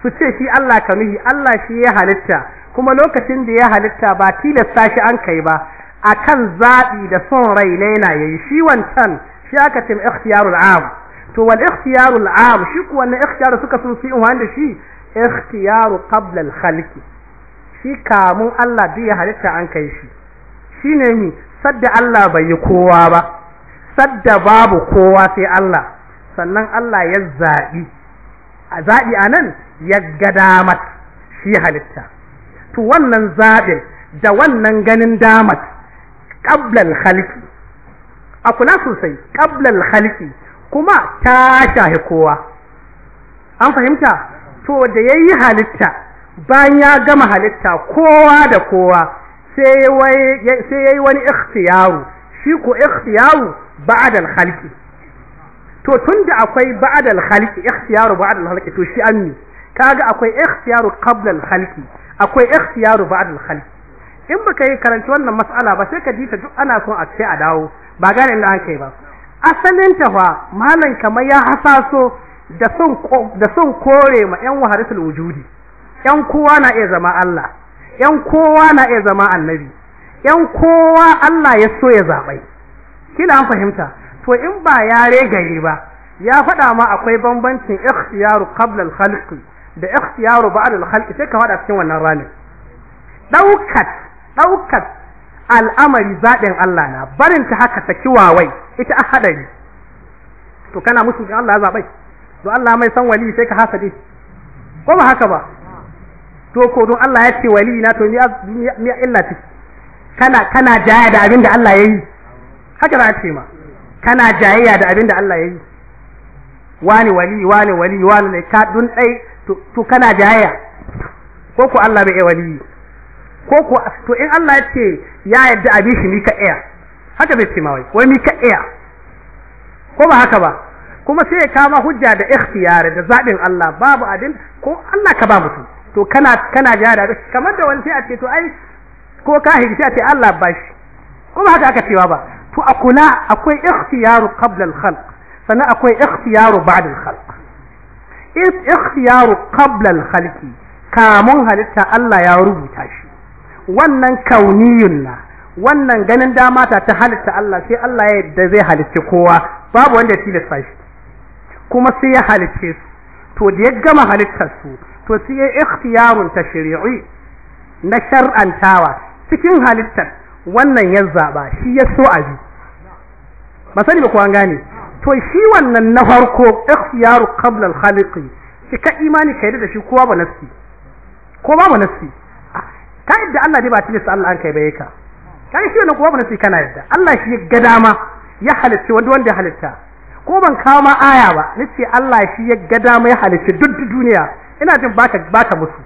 su ce shi Allah kanuhi Allah shi ya halitta kuma lokacin da ya halitta ba tilasta shi an kai ba akan zabi da son rai na na yayi shi wancan shi aka ce ikhtiyarul am to wal ikhtiyarul am shi ko wannan ikhtiyar suka sun fi wanda shi ikhtiyaru qabla al khalqi shi kamun Allah da ya halitta an kai shi shine mi sadda Allah bai yi kowa ba sadda babu kowa sai Allah sannan Allah ya zaɓi a zaɓi a nan ya ga damat shi halitta to wannan zaɓin da wannan ganin damat ƙablal halki a kula sosai ƙablal halki kuma ta shahi kowa an fahimta to da ya yi halitta bayan ya gama halitta kowa da kowa sai ya yi wani ikhtiyaru shi ko ikhtiyaru ba'dal khalqi to tunda akwai ba'dal khalqi ikhtiyaru ba'dal khalqi to shi anni kaga akwai ikhtiyaru qabla al khalqi akwai ikhtiyaru ba'dal khalqi in baka yi karanci wannan mas'ala ba sai ka ji ta duk ana son a ce a dawo ba gane inda an kai ba asalin ta fa malam kamar ya hasaso da son da son kore ma yan waharatul wujudi yan kowa na iya zama Allah yan kowa na iya zama annabi yan kowa Allah ya so ya zaɓai, kila an fahimta to in ba yare gari ba ya faɗa ma akwai bambancin ikhtiyaru qabla al da ikhtiyaru ba'da al-khalq sai ka faɗa cikin wannan ramin Ɗaukat, ɗaukat al'amari zaɗin Allah na barin ta haka saki wawai ita a haɗari, to kana musu Allah ya zaɓai, to Allah mai san wali sai ka hasade ko ba haka ba to ko don Allah ya ce wali na to ni illa ciki kana kana jaya da abin da Allah ya yi haka za a ce ma kana jayayya da abin da Allah ya yi wani wali wani wali wani ne ka dun dai to kana jayayya ko ko Allah bai wali ko ko to in Allah ya ce ya yadda abin shi ni ka iya haka bai ce ma wai wai ni ka iya ko ba haka ba kuma sai ya kama hujja da ikhtiyar da zabin Allah babu adin ko Allah ka ba mutum to kana kana jihada kamar da wani sai a ce to ai ko ka hiji sai a ce Allah bashi ko ba haka aka cewa ba to a kula akwai ikhtiyaru qabla al-khalq sannan akwai ikhtiyaru ba'da al-khalq ikhtiyaru qabla al kamun halitta Allah ya rubuta shi wannan kauniyun na wannan ganin dama ta ta halitta Allah sai Allah ya yadda zai halicci kowa babu wanda ya tilasta shi kuma sai ya halicce su to da ya gama halitta su to shi ya ikhtiyarun tashri'i na shar'antawa cikin halittar wannan ya zaba shi ya so abi ba sani ba ku an gane to shi wannan na farko ikhtiyaru qabla al-khaliqi shi ka imani kai da shi kowa ba nafsi ko ba nafsi ah, ka yadda Allah dai ba tilasta Allah an kai bai ka kai shi wannan kowa ba nafsi kana yadda Allah shi ga dama ya halitta wanda wanda ya halitta ko ban kawo ma aya ba nace Allah shi ya ga dama ya halitta duk duniya ina jin baka baka musu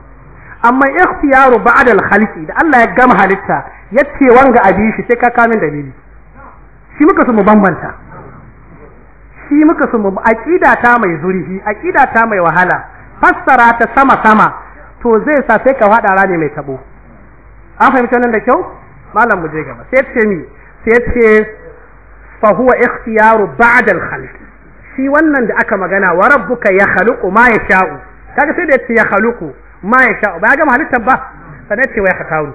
amma ikhtiyaru ba'da al-khaliqi da Allah ya gama halitta yace wanga abi shi sai ka kamin dalili shi muka so mu bambanta shi muka so mu aqida ta mai zurfi aqida ta mai wahala fassara ta sama sama to zai sa sai ka fada rani mai tabo an fahimta nan da kyau malam mu je gaba sai ce mi sai ce fa huwa ikhtiyaru ba'da al-khaliqi shi wannan da aka magana wa rabbuka ya khaliqu ma yasha'u kaga sai da yace ya khaluqu ma ya sha ba ya gama halittar ba sannan yace wa ya khataru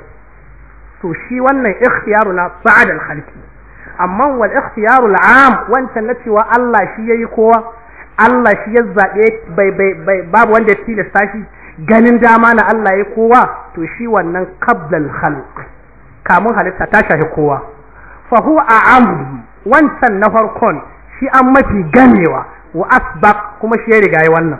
to shi wannan ikhtiyaru na ba'da al-khalqi amma wal ikhtiyaru al-am wancan na cewa Allah shi yayi kowa Allah shi ya zabe bai bai babu wanda ya tilasta shi ganin dama na Allah yayi kowa to shi wannan qabla al-khalq kamun halitta ta shafi kowa fa huwa a'am wancan na farkon shi an mafi ganewa wa asbaq kuma shi ya riga yi wannan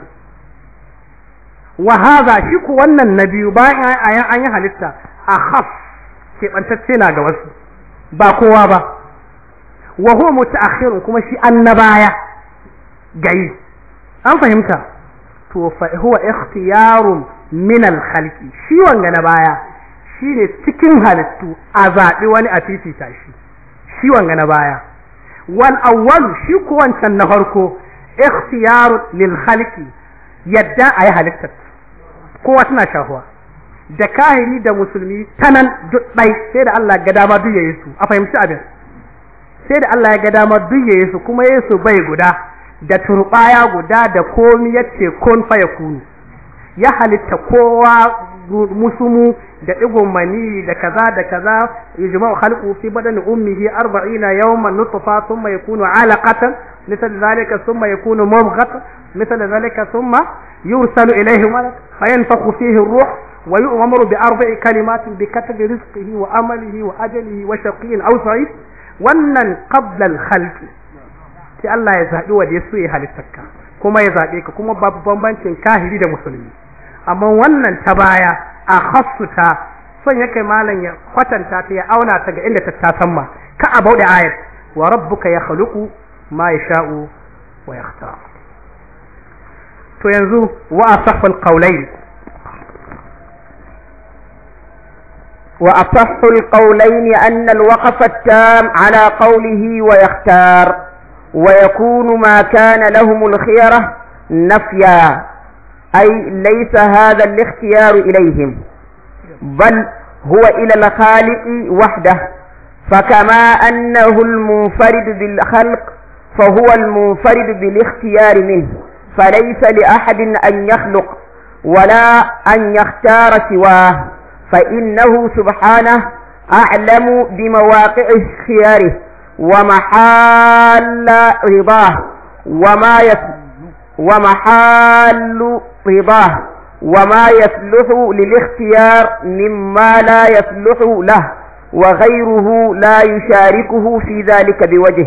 wa hadha shi ku wannan na biyu bayan an yi halitta akhaf keɓantacce na ga wasu ba kowa ba wa huwa mutaakhirun kuma shi baya gayi an fahimta to fa huwa ikhtiyarun min al-khalqi shi wanga na baya shine cikin halittu a zaɓi wani a fifita shi shi wanga na baya wal awwal shi ko wancan na farko ikhtiyarun lil khalqi yadda ayi halittar kowa tana shahuwa da kahiri da musulmi tanan duk ɗai sai da Allah ga dama duk yayin su a fahimci abin sai da Allah ya ga dama duk yayin su kuma yesu bai guda da turbaya guda da komi yace kun fa yakunu ya halitta kowa musumu da digon mani da kaza da kaza yujma'u khalqu fi badani ummihi 40 yawman nutfa thumma yakunu 'alaqatan wannan khalqi Allah ya zabi ya kuma ya zabe ka kuma babu bambancin kahiri da musulmi amma wannan ta baya a hassuta son ya kai malam ya kwatanta ta ya auna ta ga inda ta samma ka a da ayat wa rabbuka ya khaluqu ma yasha'u wa yakhtar to yanzu wa qawlayn wa asahhu alqawlayn وأصح القولين أن tam ala qawlihi wa yakhtar ويكون ما كان لهم الخيرة نفيا أي ليس هذا الاختيار إليهم بل هو إلى الخالق وحده فكما أنه المنفرد بالخلق فهو المنفرد بالاختيار منه فليس لأحد أن يخلق ولا أن يختار سواه فإنه سبحانه أعلم بمواقع خياره ومحال رضاه وما يسمى ومحال الطيبه وما يصلح للاختيار مما لا يصلح له وغيره لا يشاركه في ذلك بوجه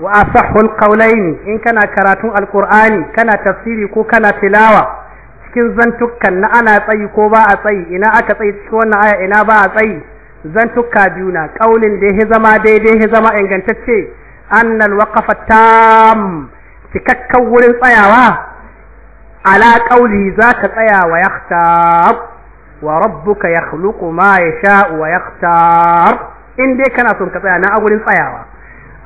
وأصح القولين إن كان كراتو القرآن كان تفسير كو كان تلاوة شكين زنتك أن أنا أطي كو با أطي إنا أكا طي تشوان آية إنا با أطي زنتك كابيونا قول ده زما ده ده زما إن أن الوقف التام تككورن صياوة ala za ka tsaya wa yakhtab wa rabbuka yakhluqu ma yasha'u wa yakhtar in dai kana son ka tsaya na a gurin tsayawa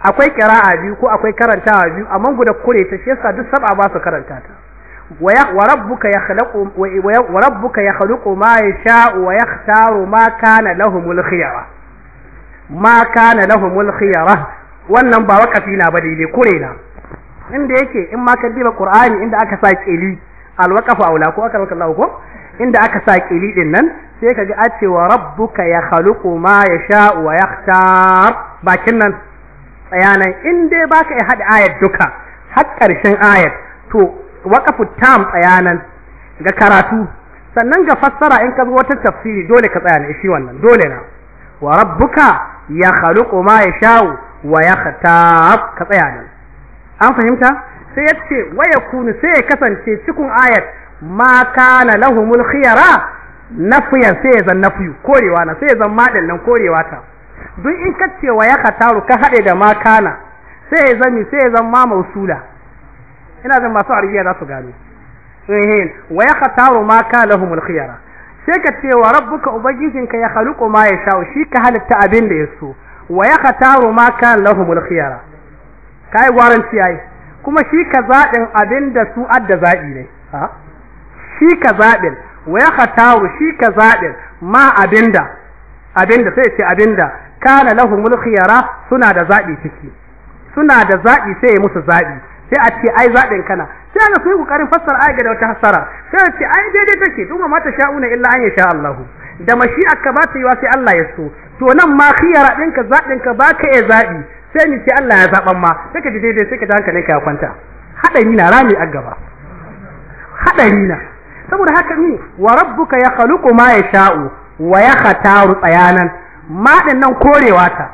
akwai kira'a biyu ko akwai karantawa biyu amma guda kure ta shi yasa duk saba ba su karanta ta wa rabbuka yakhluqu wa rabbuka yakhluqu ma yasha'u wa yakhtaru ma kana lahumul khiyara ma kana lahumul khiyara wannan ba wakafi na ba daidai kure na inda yake in ma ka diba qur'ani inda aka sa keli alwaqafu aula ko aka raka Allah ko inda aka sa kili nan sai ka a ce wa rabbuka ya khaluqu ma yasha wa yakhtar bakin nan tsayanan in dai baka ya hada ayat duka har karshen ayat to waqafu tam tsayanan ga karatu sannan ga fassara in ka zo wata tafsiri dole ka tsaya ne shi wannan dole na wa rabbuka ya khaluqu ma yasha wa yakhtar ka tsaya nan an fahimta sai ya ce waya kunu sai ya kasance cikin ayat ma kana lahumul khiyara nafiyan sai ya zan nafiyu korewa na sai ya zan madin nan korewa ta duk in ka ce wa ya khataru ka hade da ma kana sai ya zan sai ya zan ma mausula ina zan masu arabiya za su gano eh wa khataru ma kana lahumul khiyara sai ka ce wa rabbuka ubangijinka ya khaluqu ma yasha shi ka halitta abin da yaso waya khataru ma kana lahumul khiyara kai gwaranci yayi kuma shi ka zaɓin abin da su adda zaɓi ne shi ka zaɓin waya ya khataru shi ka zaɓin ma abinda abinda sai ce abinda kana lahumul khiyara suna da zaɓi ciki suna da zaɓi sai musu zaɓi sai a ce ai zaɓin kana sai ga sai kokarin fassara ai ga wata hasara sai a ce ai daidai take duma mata sha'una illa an sha Allahu, da mashi'a ka ba ta yi wa sai Allah ya so to nan ma khiyara ɗinka ka ba ka iya zaɓi sai ni ce Allah ya zaban ma sai ka ji daidai sai ka ji ka ya kwanta hadari na rami a gaba hadari na saboda haka ni wa rabbuka ya khaluqu ma yasha'u wa khataru tsayanan ma nan korewa ta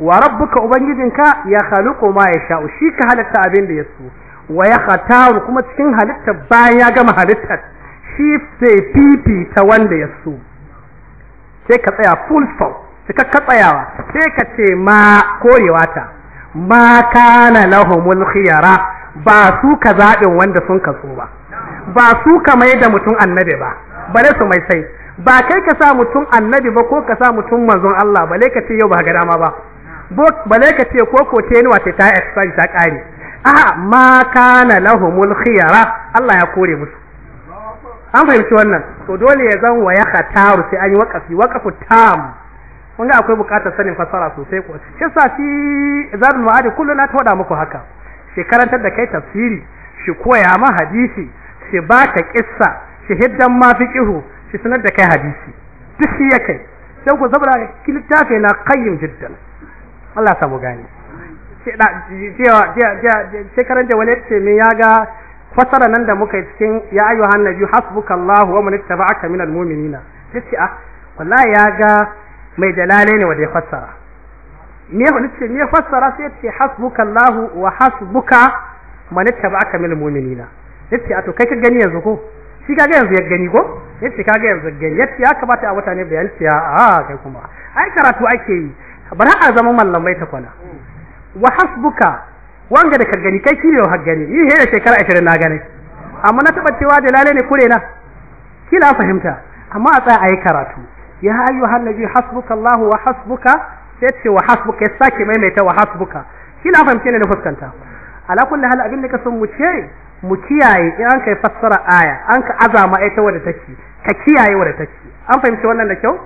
wa rabbuka ubangijinka ya khaluqu ma yasha'u shi ka halatta abin da yaso wa khataru kuma cikin halitta bayan ya gama halittar shi sai pipi ta wanda su sai ka tsaya full stop ka katsayawa sai ka ce ma korewa ta ma kana lahumul khiyara ba su ka zaɓin wanda sun kaso ba ba su ka mai da mutum annabi ba bare su mai sai ba kai ka sa mutum annabi ba ko ka sa mutum manzon Allah bale ka ce yau ba ga dama ba bale ka ce ko ko ce ni wace ta expire ta kare a ma kana lahumul khiyara Allah ya kore musu an fahimci wannan to dole ya zan wa ya khataru sai an yi waqafi waqafu tam kun ga akwai bukatar sanin fasara sosai ko shi yasa shi zadul ma'adi kullu na tawada muku haka shi karantar da kai tafsiri shi koya ma hadisi shi baka kissa shi hiddan ma fiqihu shi sanar da kai hadisi duk shi yake sai ku zabra littafi na qayyim jiddan Allah samu gani sai da sai karanta wani ce me ya fasara nan da muka yi cikin ya ayyuhan nabiyyu hasbukallahu wa man ittaba'aka minal mu'minina sai a ah, wallahi ya ga mai jalale ne wanda ya fassara me ya ce me fassara sai ce hasbuka Allah wa hasbuka man tabaka min mu'minina yace a to kai ka gani yanzu ko shi kaga yanzu ya gani ko yace kaga yanzu gani yace ya kamata a wata ne bayan ciya a kai kuma ai karatu ake yi bar a zama mallamai ta kwana wa hasbuka wanga da ka gani kai yau har gani yi he shekara 20 na gani amma na taba cewa da lale ne kure na kila fahimta amma a tsaya ayi karatu ya ayyuhan nabi hasbuka Allah wa hasbuka sai ce wa hasbuka ya sake maimaita wa hasbuka kina fahimci ne na fuskanta ala kulli hal abin da ka son mu ce mu kiyaye in an kai fassara aya an ka azama ita wadda take ka kiyaye wadda take an fahimci wannan da kyau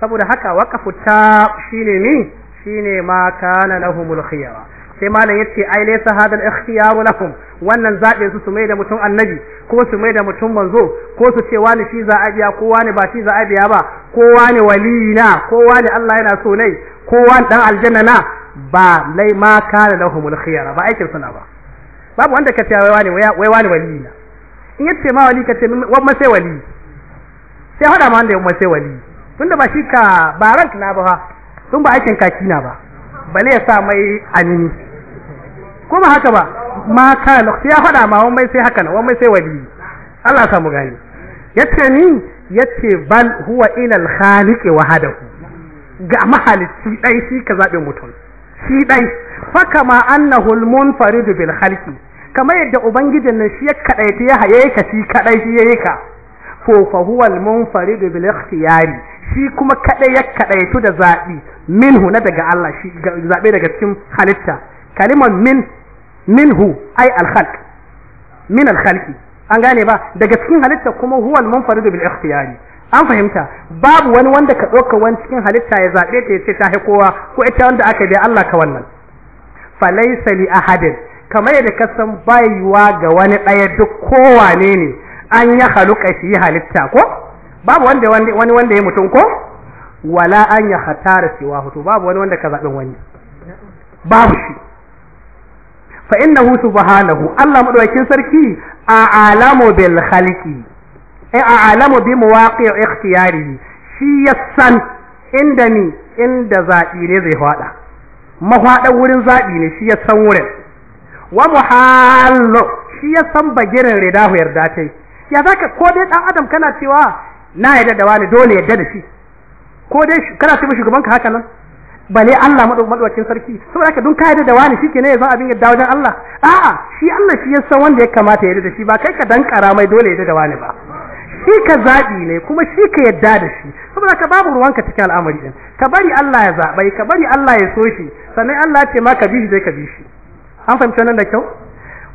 saboda haka waqafu ta shine ni shine ma kana lahumul khiyara sai malam yace ai laysa hadal ikhtiyaru lakum wannan zabe su su mai da mutum annabi ko su mai da mutum manzo ko su ce wani shi za a biya ko wani ba shi za a biya ba ko wani waliyina na ko wani Allah yana so nai ko wani dan aljanna na ba lai ma kana lahumul khiyara ba aikin suna ba babu wanda ka ce wai wani wai wani waliyi na in yace ma wali ka ce wa ma sai wali sai hada ma wanda ya ma sai wali tunda ba shi ka ba rank na ba tun ba aikin kaki na ba bale ya sa mai amini ko ba haka ba ma kana ya faɗa ma wani mai sai haka na wani mai sai wali Allah ya samu gani yace ni yace bal huwa ila al-khaliq wahdahu ga mahalicci dai shi ka zabe mutum shi dai fa kama annahu al-munfaridu bil khalqi kamar yadda ubangijin nan shi ya kadaita ya haye ka shi kadai shi yayi ka to fa huwa al-munfaridu bil ikhtiyari shi kuma kadai ya kadaitu da zabi minhu na daga Allah shi zabe daga cikin halitta kalimar min minhu ai alkhalq min alkhalqi an gane ba daga cikin halitta kuma huwa al-munfaridu bil ikhtiyari an fahimta babu wani wanda ka ɗauka wani cikin halitta ya zaɓe ta ya ce ta kowa ko ita wanda aka biya Allah ka wannan falaisa li ahadin kamar yadda ka san bayuwa ga wani ɗaya duk kowane ne an ya haluka shi halitta ko babu wanda wani wanda ya mutum ko wala an ya hatara siwa hutu babu wani wanda ka zaɓen wani babu shi fa innahu subhanahu Allah madaukakin sarki a alamu bil khaliqi ai eh, a alamu bi muwaqi' ikhtiyari shi yasan inda ni inda zabi ne zai fada mahwadan wurin zabi ne shi yasan wurin wa muhallu shi yasan bagirin ridahu yarda tai ya zaka ko dai dan adam kana cewa na yarda da wani dole yarda da shi ko dai kana cewa ka haka nan ne Allah madaukakin sarki saboda ka dun ka yarda da wani ke ne zan abin yadda wajen Allah a'a shi Allah shi ya san wanda ya kamata ya yarda da shi ba kai ka dankara mai dole ya da wani ba shi ka zaɓi ne kuma shi ka yadda da shi saboda ka babu ruwanka cikin al'amari din ka bari Allah ya zaɓa ka bari Allah ya so shi sannan Allah ya ce ma ka bi shi zai ka bi shi an fahimci wannan da kyau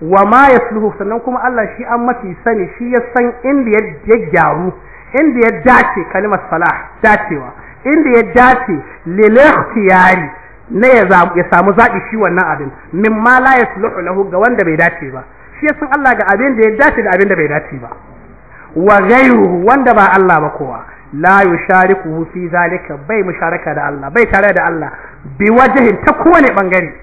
wa ma yasluhu sannan kuma Allah shi an mafi sani shi ya san inda ya gyaru inda ya dace kalimar salah dacewa inda ya dace lil ikhtiyari na ya samu zaɓi shi wannan abin min ma la yasluhu lahu ga wanda bai dace ba shi ya Allah ga abin da ya dace da abin da bai dace ba wa ghayruhu wanda ba Allah ba kowa la shariku fi zalika bai musharaka da Allah bai tare da Allah bi wajhin ta kowane bangare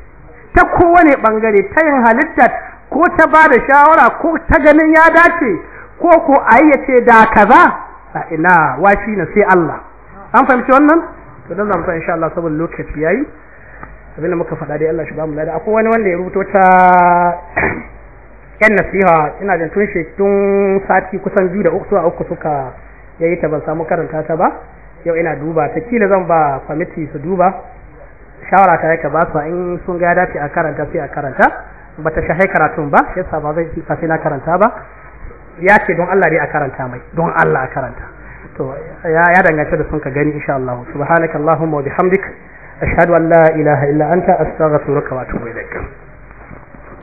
ta kowane bangare ta yin halitta ko ta ba da shawara ko ta ganin ya dace ko ko ayyace da kaza a ina shi na sai Allah an fahimci wannan to dan zamu insha Allah saboda lokaci yayi abinda muka faɗa dai Allah shi ba mu lada akwai wani wanda ya rubuto ta yan nasiha ina jin tun shi tun sati kusan biyu da uku uku suka yayi ta ban samu karanta ta ba yau ina duba ta kila zan ba kwamiti su duba shawara ta yaka ba su in sun ga dace a karanta sai a karanta ba ta shahai karatun ba sai sa ba zai fi na karanta ba ya ce don Allah dai a karanta mai don Allah a karanta to ya danganta da sun ka gani insha Allah subhanakallahumma wa bihamdik ashhadu an la ilaha illa anta astaghfiruka wa atubu ilaik